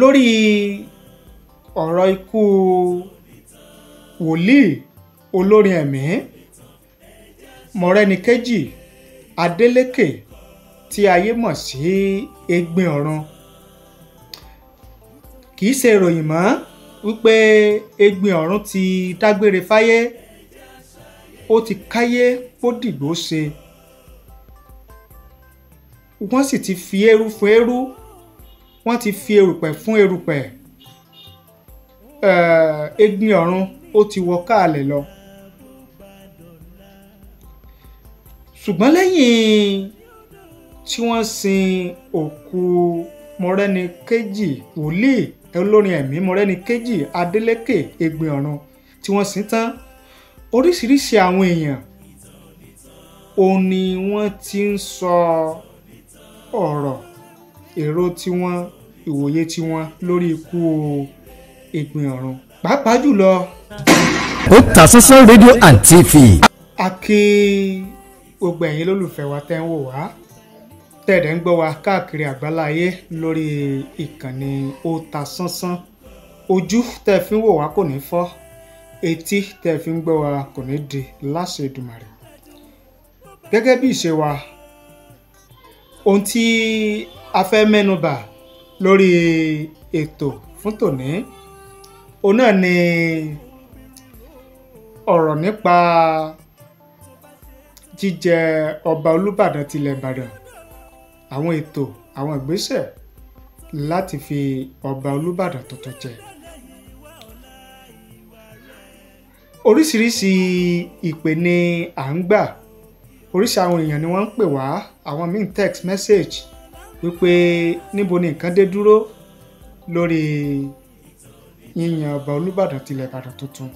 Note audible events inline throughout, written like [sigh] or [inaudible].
lórí ọ̀rọ̀ ikú wòlíì olórin ẹ̀mí mọ̀rẹ́nìkejì Adélékè tí ayé mọ̀ sí Ẹ̀gbin Ọ̀run kì í ṣe ìròyìn mọ́ wípé Ẹ̀gbin Ọ̀run ti dágbére fáyé ó ti káyé ó dìgbò ṣe wọ́n sì ti fi eérú fún eérú wọ́n ti fi erùpẹ̀ fún erùpẹ̀ egbin ọ̀run ó ti wọ káàlẹ̀ lọ. ṣùgbọ́n lẹ́yìn tí wọ́n sin òkú Mọ́rẹ́níkẹ́jì wòlíì olórin ẹ̀mí Mọ́rẹ́níkẹ́jì Adélékè egbin ọ̀run tí wọ́n sin tán oríṣiríṣi àwọn èèyàn òun ni wọ́n ti ń sọ ọ̀rọ̀ èrò tiwọn ìwòye tiwọn lórí ikú Ẹ̀gbin Ọ̀run pàápàá jùlọ. Otasansan rédíò and TV. a kí gbogbo ẹ̀yin lólùfẹ́ wa tẹ́ ń wò wá tẹ̀dẹ̀ ń gbọ́ wa káàkiri àgbáláyé lórí ìkànnì Otasansan ojú tẹ́ fi ń wò wá kò ní fọ́ etí tẹ́ fi ń gbọ́ wa kò ní di láṣẹ Èdùmàrè gẹ́gẹ́ bí ìṣe wa ohun tí a fẹ́ mẹ́nubà lórí ètò fún tòní òun náà ni ọ̀rọ̀ nípa jíjẹ ọba Olúbàdàn tilẹ̀ Ìbàdàn àwọn ètò àwọn ìgbésẹ̀ láti fi ọba Olúbàdàn tuntun jẹ. oríṣiríṣi ìpè ni à ń gbà oríṣi àwọn èèyàn ni wọ́n ń pè wá àwọn míì text message wípé níbo ni nǹkan dé dúró lórí yíyan ọba Olúbàdàn tilẹ̀ Ìbàdàn tuntun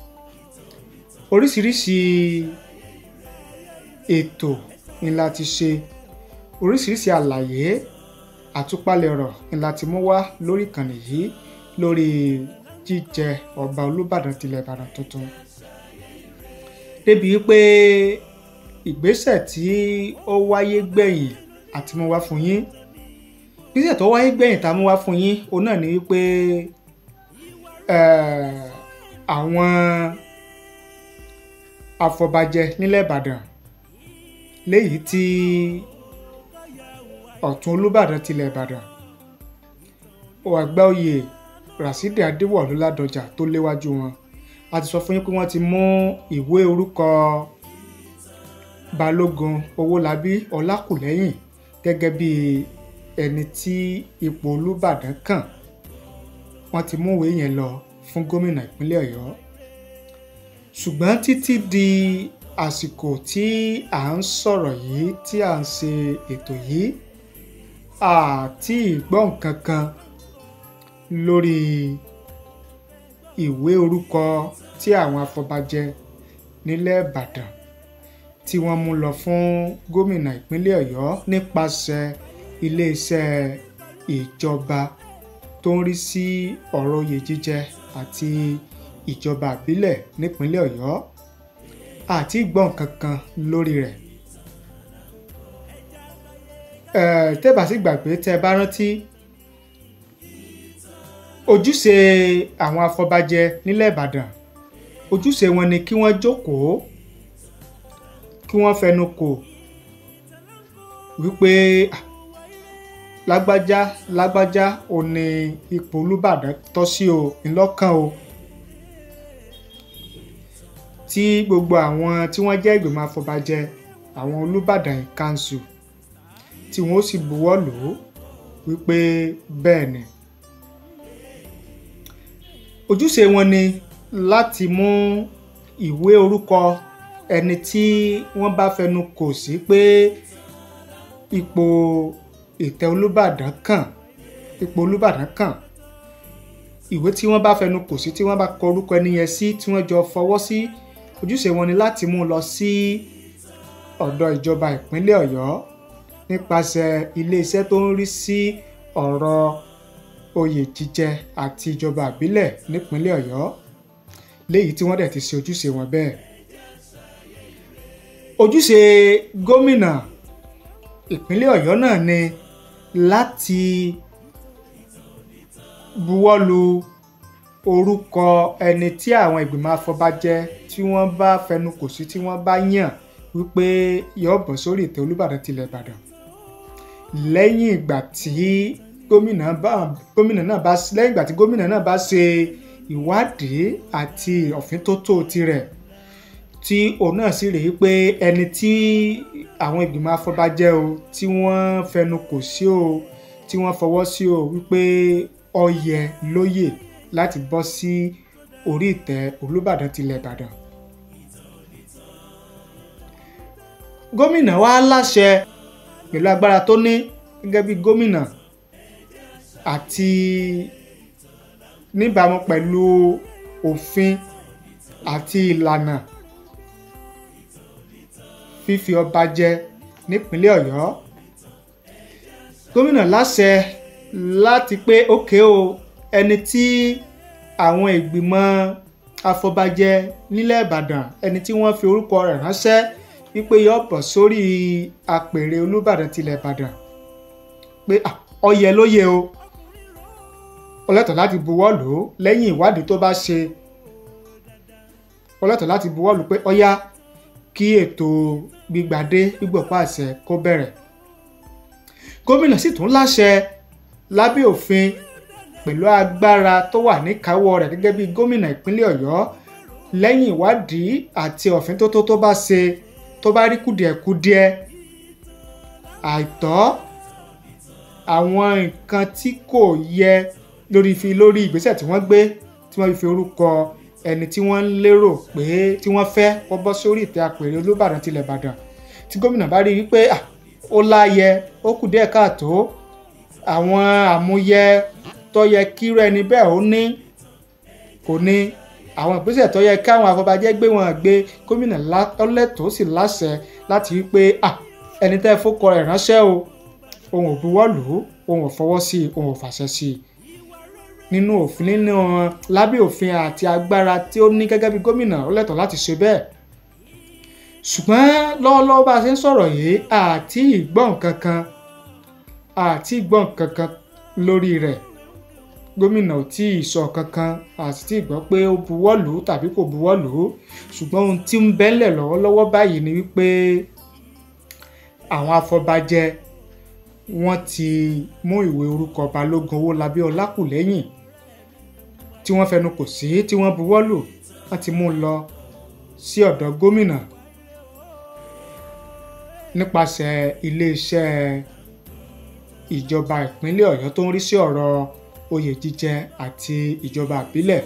oríṣiríṣi ètò ńlá ti ṣe oríṣiríṣi àlàyé àtúpalẹ̀ ọ̀rọ̀ ńlá ti mú wá lórí ìkànnì yìí lórí jíjẹ ọba Olúbàdàn tilẹ̀ Ìbàdàn tuntun débi wípé ìgbésẹ̀ tí ó wáyé gbẹ̀yìn àti mú wá fún yín gbígbẹ̀ tó wáyé gbẹ̀yìn tá a mú wá fún yín òun náà ni wípé eh, àwọn afọbajẹ nílẹ̀ Ìbàdàn léyìí tí ọ̀tún Olúbàdàn tilẹ̀ Ìbàdàn ọ̀gbà oyè Rasidi Adéwọ̀lú Ládọjà tó léwájú wọn a ti sọ fún yín pé wọ́n ti mú ìwé orúkọ Balógun Owólabí Ọlákùlẹ́yìn gẹ́gẹ́ bíi ẹni tí ipò Olúbàdàn kàn wọ́n ti mú ìwé yẹn lọ fún gómìnà ìpínlẹ̀ Ọ̀yọ́ ṣùgbọ́n títí di àsìkò tí à ń sọ̀rọ̀ yìí tí à ń ṣe ètò yìí àti ìgbọ́ nǹkan kan lórí ìwé orúkọ tí àwọn afọbajẹ nílẹ̀ Ìbàdàn tí wọ́n mú lọ fún gómìnà ìpínlẹ̀ Ọ̀yọ́ nípasẹ̀ iléeṣẹ́ ìjọba tó ń rí sí ọ̀rọ̀ oyè jíjẹ àti ìjọba àbílẹ̀ nípínlẹ̀ ọ̀yọ́ àti gbọ́ nǹkan kan lórí rẹ̀. Uh, tẹ́ bá sì gbàgbé tẹ́ bá rántí ojúṣe àwọn afọbajẹ nílẹ̀ Ìbàdàn ojúṣe wọn ni kí wọ́n jókòó kí wọ́n fẹnu kò wípé ah lágbájá lágbájá ò ní ipò olùbàdàn tọ́ sí o ńlọ́kàn o tí gbogbo àwọn tí wọ́n jẹ́ ìgbìmọ̀ àfọ̀bàjẹ àwọn olùbàdàn kanṣu tí wọ́n sì buwọ́ lò ó wípé bẹ́ẹ̀ ni ojúṣe wọn ni láti mú ìwé orúkọ ẹni tí wọ́n bá fẹnu kò sí pé ipò ìtẹ́ olúbàdàn kàn ipò olúbàdàn kàn ìwé tí wọ́n bá fẹnu kò sí tí wọ́n bá kọ orúkọ ẹni yẹn sí tí wọ́n jọ fọwọ́ sí ojúṣe wọn ni láti mú un lọ sí ọ̀dọ̀ ìjọba ìpínlẹ̀ ọ̀yọ́ nípasẹ̀ iléeṣẹ́ tó ń rí sí ọ̀rọ̀ oyè jíjẹ àti ìjọba àbílẹ̀ nípínlẹ̀ ọ̀yọ́ léyìí tí wọ́n dẹ̀ ti ṣe ojúṣe wọn bẹ́ẹ̀ ojúṣe gómìnà ìpínlẹ̀ ọ̀yọ́ náà ni láti buwọ́lu orúkọ ẹni tí àwọn ìgbìmọ̀ afọbajẹ tí wọ́n bá fẹnu kò sí tí wọ́n bá yàn wípé yóò bọ̀ sórí ìtẹ́ olúbàdàn tilẹ̀ ìbàdàn lẹ́yìn ìgbà tí gómìnà náà bá lẹ́yìn ìgbà tí gómìnà náà bá ṣe ìwádìí àti ọ̀fíntótó tirẹ̀ tí òun náà sì rèé pé ẹni tí àwọn ìgbìmọ̀ afọbajẹ́ o tí wọ́n fẹnu kò sí o tí wọ́n fọwọ́ sí o wípé ó yẹ lóyè láti bọ́ sí orí ìtẹ́ Olúbàdàn tilẹ̀ Ìbàdàn. gómìnà wa láṣẹ pẹ̀lú agbára tó ní gẹ́gẹ́ bí gómìnà àti níbàámu pẹ̀lú òfin àti ìlànà fífi ọba jẹ nípínlẹ̀ ọ̀yọ́ gómìnà láṣẹ láti pé òkè o ẹni tí àwọn ìgbìmọ̀ afọbajẹ nílẹ̀ ìbàdàn ẹni tí wọ́n fi orúkọ rẹ̀ ránṣẹ́ wípé yọ bọ̀ sórí àpèrè olúbàdàn tilẹ̀ ìbàdàn pé ọyẹ lóye o ọlẹ́tọ̀ láti buwọ́ lò ó lẹ́yìn ìwádìí tó bá ṣe ọlẹ́tọ̀ láti buwọ́ lò pé ọyá kí ètò gbígbadé gbígbọ̀pá àṣẹ kó bẹ̀rẹ̀ gómìnà sì tún láṣẹ lábẹ́ òfin pẹ̀lú agbára tó wà níkàáwọ́ rẹ̀ gẹ́gẹ́ bí gómìnà ìpínlẹ̀ ọ̀yọ́ lẹ́yìn ìwádìí àti ọ̀fíntótó tó bá ṣe tó bá rí kùdìẹ̀kudiẹ àìtọ́ àwọn nǹkan tí kò yẹ lórí fi lórí ìgbésẹ̀ tí wọ́n gbé tí wọ́n fi orúkọ ẹni tí wọ́n ń lérò pé tí wọ́n fẹ́ kó bọ́ sórí ìtẹ́ àpèrè Olúbàdàn tilẹ̀ Ìbàdàn tí gómìnà bá rí i pé ó láyẹ ó kù díẹ̀ káàtó àwọn àmúyẹ tó yẹ kírú ẹni bẹ́ẹ̀ ó ní kò ní àwọn ìgbésẹ̀ tó yẹ káwọn afọbajẹ́ gbé wọn gbé gómìnà lọ́lẹ́tọ̀ọ́ sì láṣẹ láti rí i pé ẹni tẹ́ fọ́kọ rẹ̀ ránṣẹ́ o òun ò buwọ́ lù ú òun ò fọwọ́ sí i òun ò fàṣẹ sí i nínú òfin nínú lábẹ́ òfin àti agbára tí ó ní gẹ́gẹ́ bí gómìnà ó lẹ́tọ̀ọ́ láti ṣe bẹ́ẹ̀ ṣùgbọ́n lọ́wọ́lọ́wọ́ bá a ṣe ń sọ̀rọ̀ yìí àti ìgbọ́n kankan àti ìgbọ́n kankan lórí rẹ̀ gómìnà ò tí ì sọ kankan àti tí gbọ́ pé ó buwọ́lù tàbí kò buwọ́lù ṣùgbọ́n ohun tí ń bẹ́lẹ̀ lọ́wọ́lọ́wọ́ báyìí ni wípé àwọn afọbajẹ wọ́n ti mú ìwé orúkọ balógun Owólabí Ọlákùlẹ́yìn tí wọ́n fẹnu kò sí tí wọ́n buwọ́ lù wọ́n ti mú un lọ sí ọ̀dọ̀ gómìnà nípasẹ̀ iléeṣẹ́ ìjọba ìpínlẹ̀ ọ̀yọ́ tó ń rí sí ọ̀rọ̀ oyè jíjẹ àti ìjọba àbílẹ̀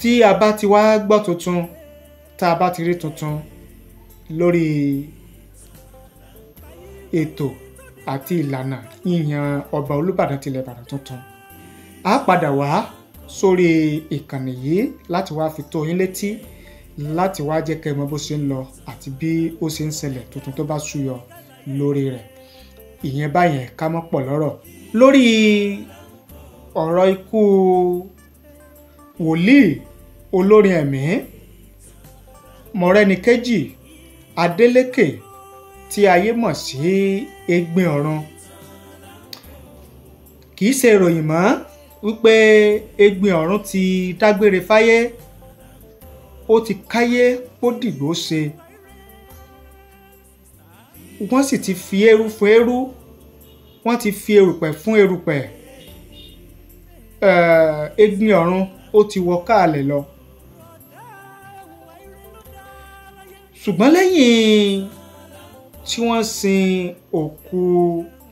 tí a bá ti wá gbọ́ tuntun tá a bá ti rí tuntun lórí ètò àti ìlànà yíyan ọba olúbàdàn tilẹ̀ ìbàdàn tuntun a padà wá sórí ìkànnì yìí láti wá fi tó yín létí láti wá jẹ́ kẹ́ ẹ mọ bó ṣe ń lọ àti bí ó ṣe ń ṣẹlẹ̀ tuntun tó bá ṣúyọ lórí rẹ̀ ìyẹn báyẹn ká mọ́ pọ̀ lọ́rọ̀ lórí ọ̀rọ̀ ikú wòlíì olórin ẹ̀mí mọ̀rẹ́nìkejì Adélékè tí ayé mọ̀ sí Ẹ̀gbin Ọ̀run kì í ṣe ìròyìn mọ́ wípé Egbin ọ̀run ti dágbére fáyé ó ti káyé kó dìgbò ṣe wọ́n sì ti fi eérú fún eérú wọ́n ti fi erùpẹ̀ fún erùpẹ̀ Egbin ọ̀run ó ti wọ káàlẹ̀ lọ. ṣùgbọ́n lẹ́yìn tí wọ́n sin òkú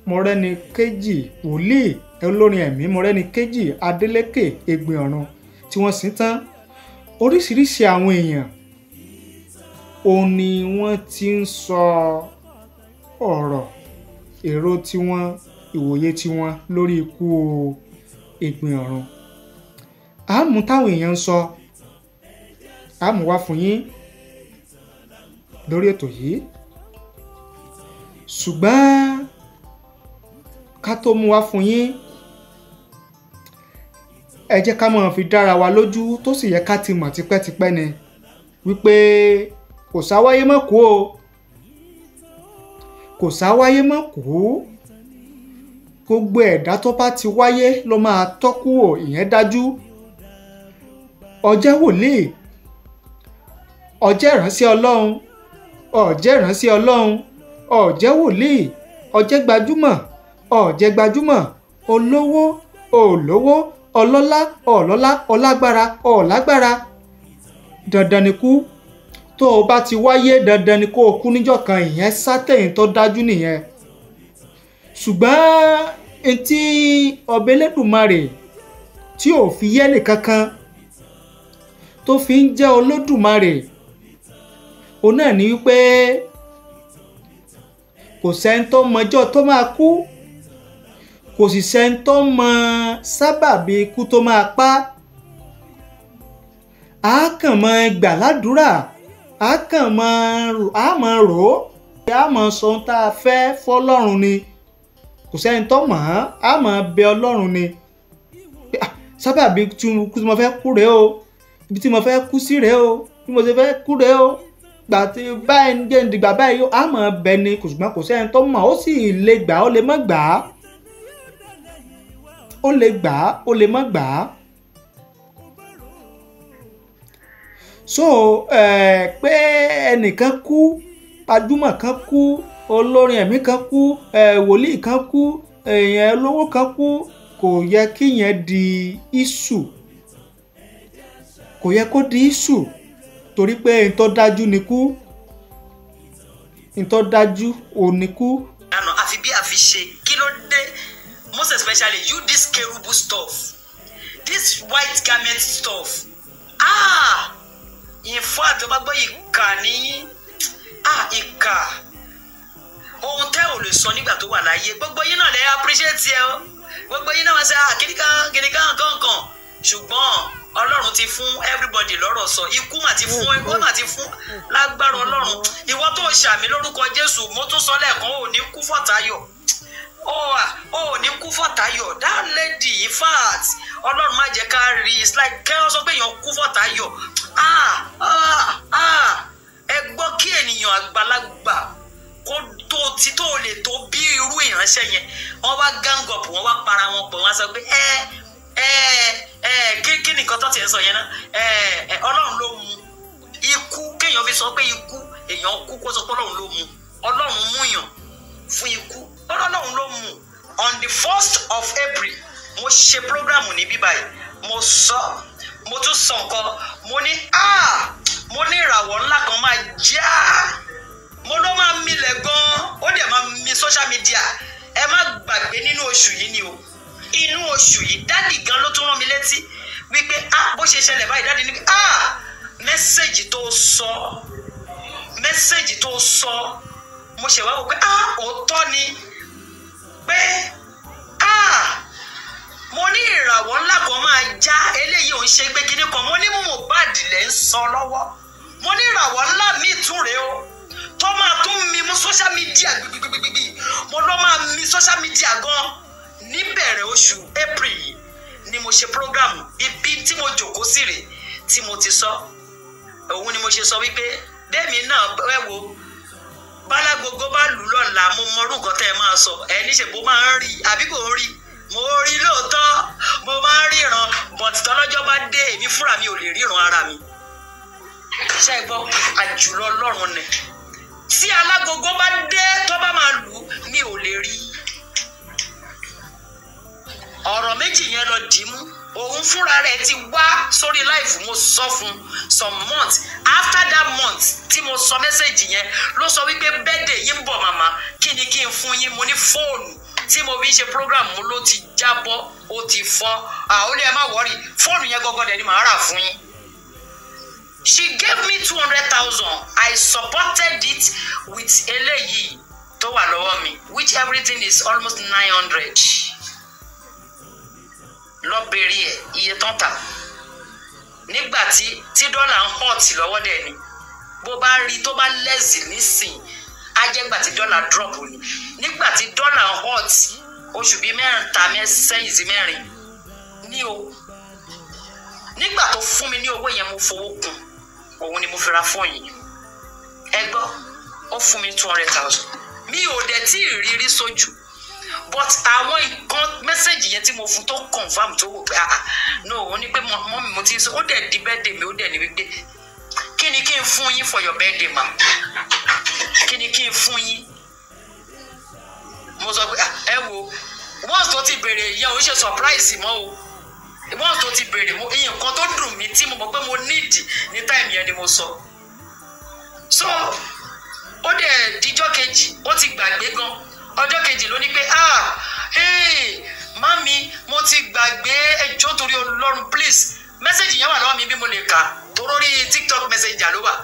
Mọ́rẹ́nikẹ́jì wòlíì olórin ẹ̀mí Mọ́rẹ́nikejì Adélékè Egbin ọ̀run tí wọ́n sin tán oríṣiríṣi àwọn èèyàn òun ni wọ́n ti ń sọ ọ̀rọ̀ èrò tiwọn ìwòye tiwọn lórí ikú Egbin ọ̀run àmú táwọn èèyàn ń sọ àmú wá fún yín lórí ètò yìí ṣùgbọ́n ká tó mú wá fún yín ẹ jẹ́ ká máa fi dára wa lójú tó sì yẹ ká ti mọ̀ tipẹ́tipẹ́ ni wípé kò sáwáyé mọ́ kú o kò sáwáyé mọ́ kú gbogbo ẹ̀dá tó bá ti wáyé ló máa tọ́kù o ìyẹn dájú ọjẹ́ wòlíì ọjẹ́ ìránṣẹ́ ọlọ́run ọjẹ́ ìránṣẹ́ ọlọ́run ọjẹ́ wòlíì ọjẹ́ gbajúmọ̀ ọjẹ́ gbajúmọ̀ olówó olówó ọlọ́lá ọlọ́lá ọlágbára ọlágbára dandan ni kú tó o bá ti wáyé dandan ni kó o kú níjọ́ kan ìyẹn sátẹ̀yìn tó dájú nìyẹn ṣùgbọ́n etí ọbẹ̀ lẹ́dùnmarè tí ò fi yẹ́nì kankan tó fi ń jẹ́ olódùmarè òun náà ní wípé kò sẹ́ni tó mọjọ́ tó máa kú kò sì sẹ́ńtọ́ mọ sábàbí ikú tó máa pa á kàn mọ gbà ládùúrà á kàn mọ á mọ rò ó á mọ sọ ohun tá a fẹ́ fọlọ́run ni kò sẹ́ńtọ́ mọ̀ ọ́n á mọ bẹ ọlọ́run ni sábàbí ikú tí mo fẹ́ kú rèé o ibi tí mo fẹ́ kú sí rèé o bí mo ṣe fẹ́ kú rèé o gbà tí báyìí ń gbé ìdìgbà báyìí á mọ bẹ ni kò ṣùgbọ́n kò mọ̀ ó sì lè gbà ó lè má gbà á ó lè gbà á ó lè má gbà á. so eh, pé ẹnìkan kú gbajúmọ̀ kan kú olórin ẹ̀mí kan kú eh, wòlíì kan kú èèyàn eh, kan kú kò yẹ kíyẹn di isu kò yẹ kó di isu torí pé ntọ́ dájú ni kú ntọ́ dájú ò ní kú. àná àfi bí a fi ṣe kí ló dé most especially you this kerubu stuff this white garment stuff ah in fact tó bá gbọ́ ìkà nìyí ah ìkà ohun tẹ́ ò lè sọ nígbà tó wà láyé gbogbo yín náà lè appreciate ẹ o gbogbo yín náà wá sẹ́ ah kìnìkan kìnìkan kankan ṣùgbọ́n ọlọ́run ti fún everybody lọ́rọ̀ sọ ikú mà ti fún ikú mà ti fún lágbára ọlọ́run ìwọ tó ṣàmì lórúkọ jésù mo tún sọ lẹ́ẹ̀kan ò ní kú fọ̀tayọ̀ oh oh ní kú fọ̀tayọ̀ that lady in fact ọlọ́run má jẹ́ ká rí it's like kẹ́hìn sọ pé èèyàn kú fọ̀tayọ̀ ah ah ah ẹ gbọ́ kí ènìyàn àgbàlagbà kó tó ti tó lè tó bí irú ìránṣẹ́ yẹn wọ́n wá gang up wọ́n wá para wọn pọ̀ wọ́n sọ pé ẹ ẹ ẹ kí nìkan tó tiẹ̀ sọ yẹn náà ẹ ẹ ọlọ́run ló mu. ikú kéèyàn fi sọ pé ikú èèyàn kú kó sọ pé ọlọ́run ló mú ọlọ́run mú yàn fún ikú Ọlọ́run ló mú on the first of April mo ṣe program ní bíbá yìí mo sọ mo tún sọ nǹkan mo ní ah mo ní ìràwọ̀ ńlá kan máa já mo ló máa milẹ̀ gan-an ó dẹ̀ máa mi social media ẹ má gbàgbé nínú oṣù yìí ni o inú oṣù yìí dádì gan ló tún rán mi létí wípé ah bó ṣe ṣẹlẹ̀ báyìí dádì ni pé ah mẹ́sẹ̀gì tó sọ mẹ́sẹ̀gì tó sọ mo ṣèwádìí pé ah òótọ́ ni pé ah, mo ní ìràwọ̀ ńlá kan máa já eléyìí òun ṣe pé kinní kan mo ní Mohbad lẹ́ ń sọ lọ́wọ́ mo ní ìràwọ̀ ńlá mi tún rèé o tó máa tún mi mú social media gbigbigbigbi mo lọ máa mi social media gan níbẹ̀rẹ̀ oṣù April yìí ni mo ṣe program ibi tí mo jòkóó sí rèé tí mo ti sọ òun ni mo ṣe sọ wípé bẹ́ẹ̀ mi náà ẹ wo bálágogo bá lù lọ́la mo mọrú nǹkan tẹ́ ẹ máa sọ ẹ níṣẹ́ bó máa ń rí àbí kò ń rí mo rí lóòótọ́ mo máa ń ríran bọ̀tì tọ́lọ́jọ́ bá dé èmi fúnra mi ò lè ríran ara mi ṣe gbọ́ àjùlọ ọlọ́run ni tí alágogo bá dé tó bá máa lù mi ò lè rí ọ̀rọ̀ méjì yẹn lọ dì í mú òun fúnra rẹ̀ ti wá sórí láìfù mo sọ fún some months after that month tí mo sọ mẹ́sẹ̀gì yẹn ló sọ wípé bẹ́ẹ̀dẹ̀ yìí ń bọ̀ màmá kí ni kí n fún yín mo ní fóònù tí mo fi ń ṣe program mo ló ti jábọ́ ó ti fọ́ àwọn olè má wọ́ọ̀rì fóònù yẹn gọ́gọ́ dẹ̀ ni màá rà fún yín. she gave me two hundred thousand I supported it with eléyìí tó wà lọ́wọ́ mi which everything is almost nine hundred lọ bèrè ẹ̀ iye tán tà nígbà tí tí dọ́là ń hàn tì lọ́wọ́ dẹ̀ ni bó bá rí tó bá lẹ́sì nísìn á jẹ́ gbà tí dọ́là drop ni nígbà tí dọ́là ń hàn tì oṣù bíi mẹ́rin ta sẹ́yìn sí mẹ́rin ní o nígbà tó fún mi ní owó yẹn mo fowó kún òun ni mo fi ra fóònù yìí ẹ gbọ́ ó fún mi two hundred thousand mi ò dẹ̀ tí ì rírí sójú. So but àwọn ìkan mẹ́sẹ̀gì yẹn tí mo fún tó confam tó wò pé ah, ah no ó ní pé mọ́ mi mo ti sọ ó dẹ̀ di birthday mi ó dẹ̀ ní wípé kí ni kí n fún yín for your birthday ma kí ni kí n fún yín mo sọ pé ah, ẹ wo once tó ti bèrè yẹn ò ṣe surprise mọ́ o once tó ti bèrè mo nǹkan tó dùn mí tí mo mọ̀ pé mo need ní time yẹn ni mo sọ so ó dẹ̀ dijọ́ kejì ó ti gbàgbé gan ọjọ́ kejì ló ní pé ah hey, mami mo ti gbàgbé ẹjọ́ torí ọlọ́run please mẹ́sẹ̀gì yẹn wà lọ́wọ́ mi bí mo lè kà torórí tiktok messenger ló wà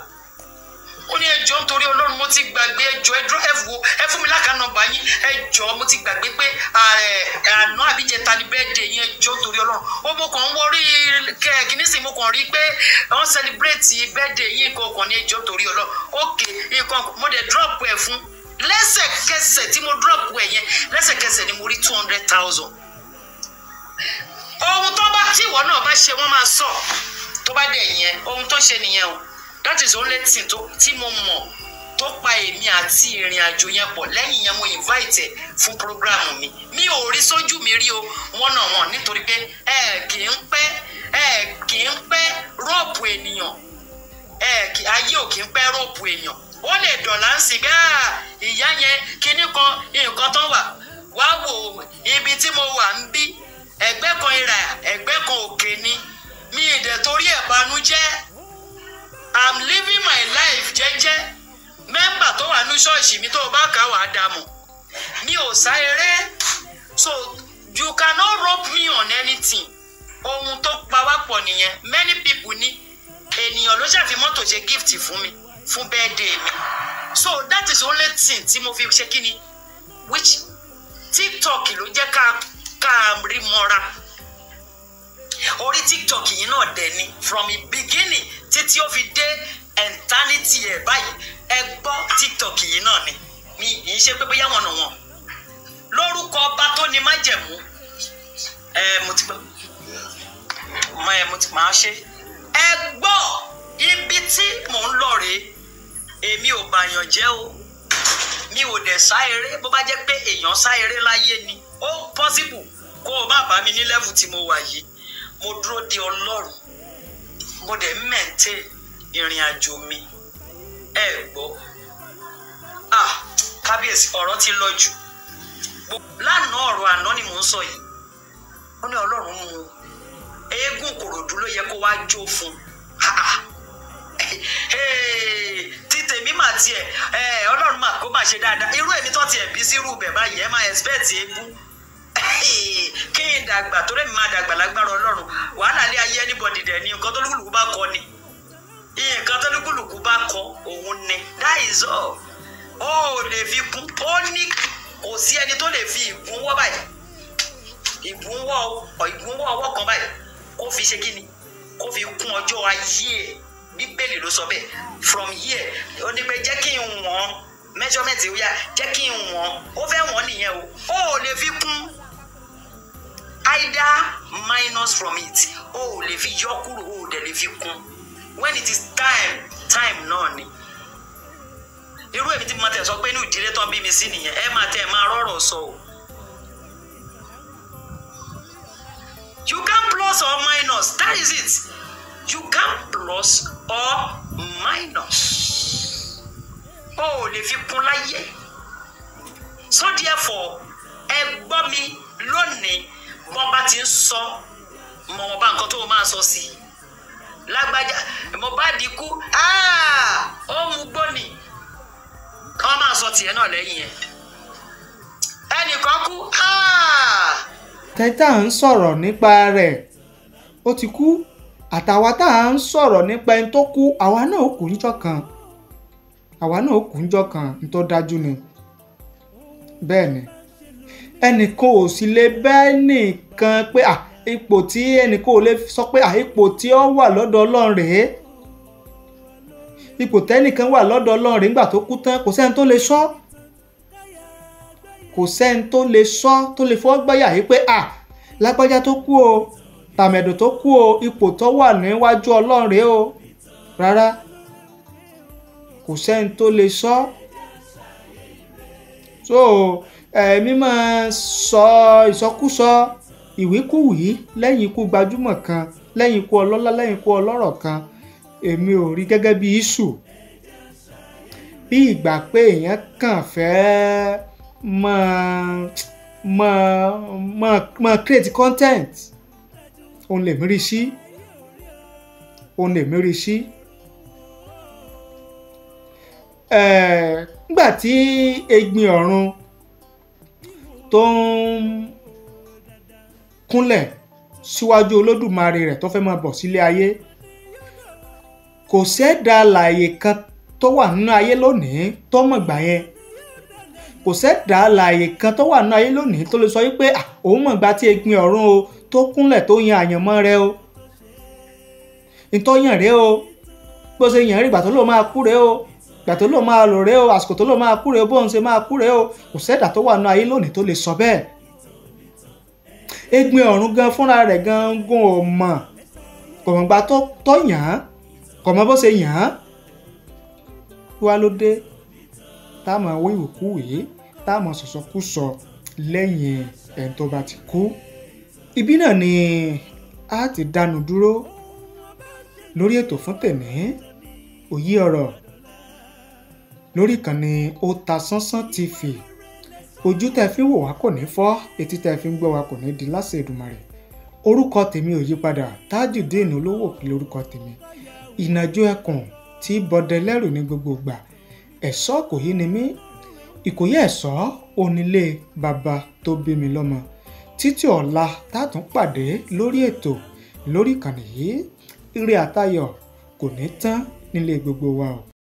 ó ní ẹjọ́ nítorí ọlọ́run mo ti gbàgbé ẹjọ́ ẹdúró ẹ̀fọ́ ẹ fún mi lákàá nọ́mbà yín ẹjọ́ mo ti gbàgbé pé àná àbíjẹta ni bẹ́ẹ̀dẹ̀ yín ẹjọ́ nítorí ọlọ́run ó mo kàn ń wọrí kìíní sí mo kàn rí pé wọ́n sẹlẹ̀bírẹ̀tì bẹ́ẹ̀dẹ̀ yín nǹkan ọkàn ní ẹjọ́ nítorí ọlọ́run ókè nǹkan mo dẹ̀ drop ẹ̀ fún lẹ́sẹ̀kẹsẹ̀ tí mo drop wẹ̀ yẹn lẹ́sẹ̀kẹsẹ̀ ni mo rí two hundred thousand ohun tó bá tí ìwọ náà bá ṣe wọ́n máa sọ tó bá dẹ̀ yẹn ohun tó ṣe nìyẹn o that is only thing tí mo mọ̀ tó pa èmi àti ìrìn àjò yẹn pọ̀ lẹ́yìn yẹn mo invite ẹ̀ fún programu mi mi ò rí sójú mi rí o wọ́n náà wọ́n nítorí pé ẹ kì í pẹ́ ẹ kì í pẹ́ rọ́ọ̀pù ènìyàn ẹ ayé ò kì í pẹ́ rọ́ọ̀pù èèyàn ó lè dọ̀là ń sìn gbá ìyá yẹn kinní kan nǹkan tó wà wá wò ibi tí mo wà ń bí ẹgbẹ́ kan ìrà ẹgbẹ́ kan òkè ni mi ìdẹ̀ torí ẹ̀ banújẹ́ i'm living my life jẹ́jẹ́ mẹ́mbà tó wà ní ṣọ́ọ̀ṣì mi tó bá kà wàá dààmú mi ò sá eré so you cannot rope me on anything ohun tó pa wá pọ̀ nìyẹn many people ni ènìyàn ló ṣàfi mọ́tò ṣe gift fún mi fún birthday mi so that is only thing tí mo fi ṣe kí ni which tiktok ló jẹ́ ká ká rí mọ́ra orí tiktok yìí náà dẹ̀ ni from the beginning títí ó fi dé ẹ̀ńtánítì ẹ̀ báyìí ẹ gbọ́ tiktok yìí náà ni mi kì í ṣe pé bóyá wọn nà wọn lórúkọ ọba tó ní májẹ̀mú ẹ mo ti gbọ́ mo ti máa ṣe ẹ gbọ́ ibi tí mò ń lọ rèé èmi ò bàyàn jẹ́ o mi ò dẹ̀ sá eré bó bá jẹ́ pé èèyàn sá eré láyé ni ó pọ́sibù kó o má bá mi ní lẹ́fù tí mo wà yìí mo dúró de ọlọ́run mo dẹ̀ ń mẹ̀ǹtẹ̀ ìrìn àjò mi ẹ gbọ́ ah kábíyèsí ọ̀rọ̀ ti lọ jù lánàá ọ̀rọ̀ àná ni mò ń sọ yìí ó ní ọlọ́run mu eégún kòròdú ló yẹ kó wá jó fún un mà tiẹ̀ ẹ ọlọ́run mà kó mà ṣe dáadáa irú èmi tó tiẹ̀ bí sírú bẹ̀ báyìí máa expect ebú [laughs] kí n dàgbà tó mi máa dàgbà lágbára ọlọ́run wàhálà lé ayé anybody dẹ̀ ni nǹkan tó lúkúlùkù bá kọ ni nǹkan tó lúkúlùkù bá kọ òun ni that is all ó lè fi kún ó ní kò sí ẹni tó lè fi ìgún wọ́ báyìí ìgún wọ́ ọwọ́ kan báyìí kó fi ṣe kí ni kó fi kún ọjọ́ ayé ẹ̀ bíbélì ló sọ bẹ́ẹ̀ from here ó ní pé jẹ́ kí n wọ̀n measurement ó yá jẹ́ kí n wọ̀n ó fẹ́ wọ̀n nìyẹn o ó lè fi kún either minus from it ó lè fi yọ kúrò ó dẹ̀ lè fi kún when it is time time náà ni irú èmi tí mo tẹ̀ sọ pé inú ìdílé tán bí mi sí nìyẹn ẹ máa tẹ̀ ẹ máa rọ̀rọ̀ sọ o. you can plus or minus that is it you can plus or minus o ò lè fi kún láyé so therefore ẹ gbọ́ mi lónìí wọ́n bá ti ń sọ mọ̀ wọ́n bá nǹkan tó máa sọ sí i lágbájá Mohbad kú ah, ó mú gbóni wọ́n máa sọ tiẹ̀ náà lẹ́yìn ẹ̀ ẹnìkan kú. Ah. tẹ́tà ń sọ̀rọ̀ nípa rẹ̀ ó ti kú àtàwa tá à ń sọ̀rọ̀ nípa ẹni tó kú àwa náà kù níjọ́ kan àwa náà kù níjọ́ kan ní tó dájú ni bẹ́ẹ̀ ni ẹnìkan ò sì lè bẹ́ẹ̀ nìkan pé à ipò tí ẹnìkan ò lè sọ pé à ipò tí ó wà lọ́dọ̀ Ọlọ́run rèé ipò tẹ́nìkan wà lọ́dọ̀ Ọlọ́run rèé nígbà tó kú tán kò sẹ́ni tó lè sọ kò sẹ́ni tó lè sọ tó lè fọ́ gbáyà yìí pé à lágbájá tó kú o tàmẹ̀dùn tó kú o ipò tó wà níwájú ọlọ́run rèé o rárá kò sẹ́ni tó lè sọ so ẹ̀mí máa sọ ìsọkúsọ ìwíkúwìí lẹ́yìn ikú gbajúmọ̀ kan lẹ́yìn ikú ọlọ́lá lẹ́yìn ikú ọlọ́rọ̀ kan èmi ò rí gẹ́gẹ́ bí iṣu bí ìgbà pé èèyàn kàn fẹ́ máa máa máa máa create content òun lè mírí sí òun lè mírí sí. Eh, nígbà tí egbin ọ̀run tó ń kúnlẹ̀ síwájú olódùmarè rẹ̀ tó fẹ́ máa bọ̀ sílé ayé kò sẹ́dá alààyè kan tó wà nínú ayé lónìí tó mọ̀ gbà yẹn kò sẹ́dá alààyè kan tó wà nínú ayé lòní tó lè sọ wípé òun mọ̀ gba tí egbin ọ̀run o tó kúnlẹ̀ tó yan àyànmọ́ rẹ o ìtọ́yàn rẹ o bó ṣe yàn rí ìgbà tó lò máa kú rẹ o ìgbà tó lò máa lò rẹ o àsìkò tó lò máa kú rẹ o bóun ṣe máa kú rẹ o kò sẹ́dà tó wà nù ayé lónìí tó lè sọ bẹ́ẹ̀ egbin ọ̀run gan fúnra rẹ̀ gan gun ò mọ̀ tó yàn án bó ṣe yàn wá ló dé tá a ìwòkúwèé tá sọ̀sọ̀kú sọ lẹ́yìn ẹni ti kú ibí náà ni a ti dánu dúró lórí ètò fún tèmi òye ọ̀rọ̀ lórí ìkànnì Otasánsán TV ojú tẹ́ fi ń wò wá kò ní fọ́ etí tẹ́ fi ń gbọ́ wá kò ní di láṣẹ Èdùmàrè orúkọ tèmi ò yípadà Tajudeen olówó òkè lórúkọ tèmi ìnàjò ẹkùn tí bọdẹ lẹ́rù ní gbogbo ìgbà ẹ̀ṣọ́ kò yí ni mí Ìkòyí ẹ̀ṣọ́ onílé bàbá tó bí mi lọ́mọ títí ọ̀la tátún pàdé lórí ètò lórí ìkànnì yìí ire àtayọ̀ kò ní tán nílé gbogbo wa o.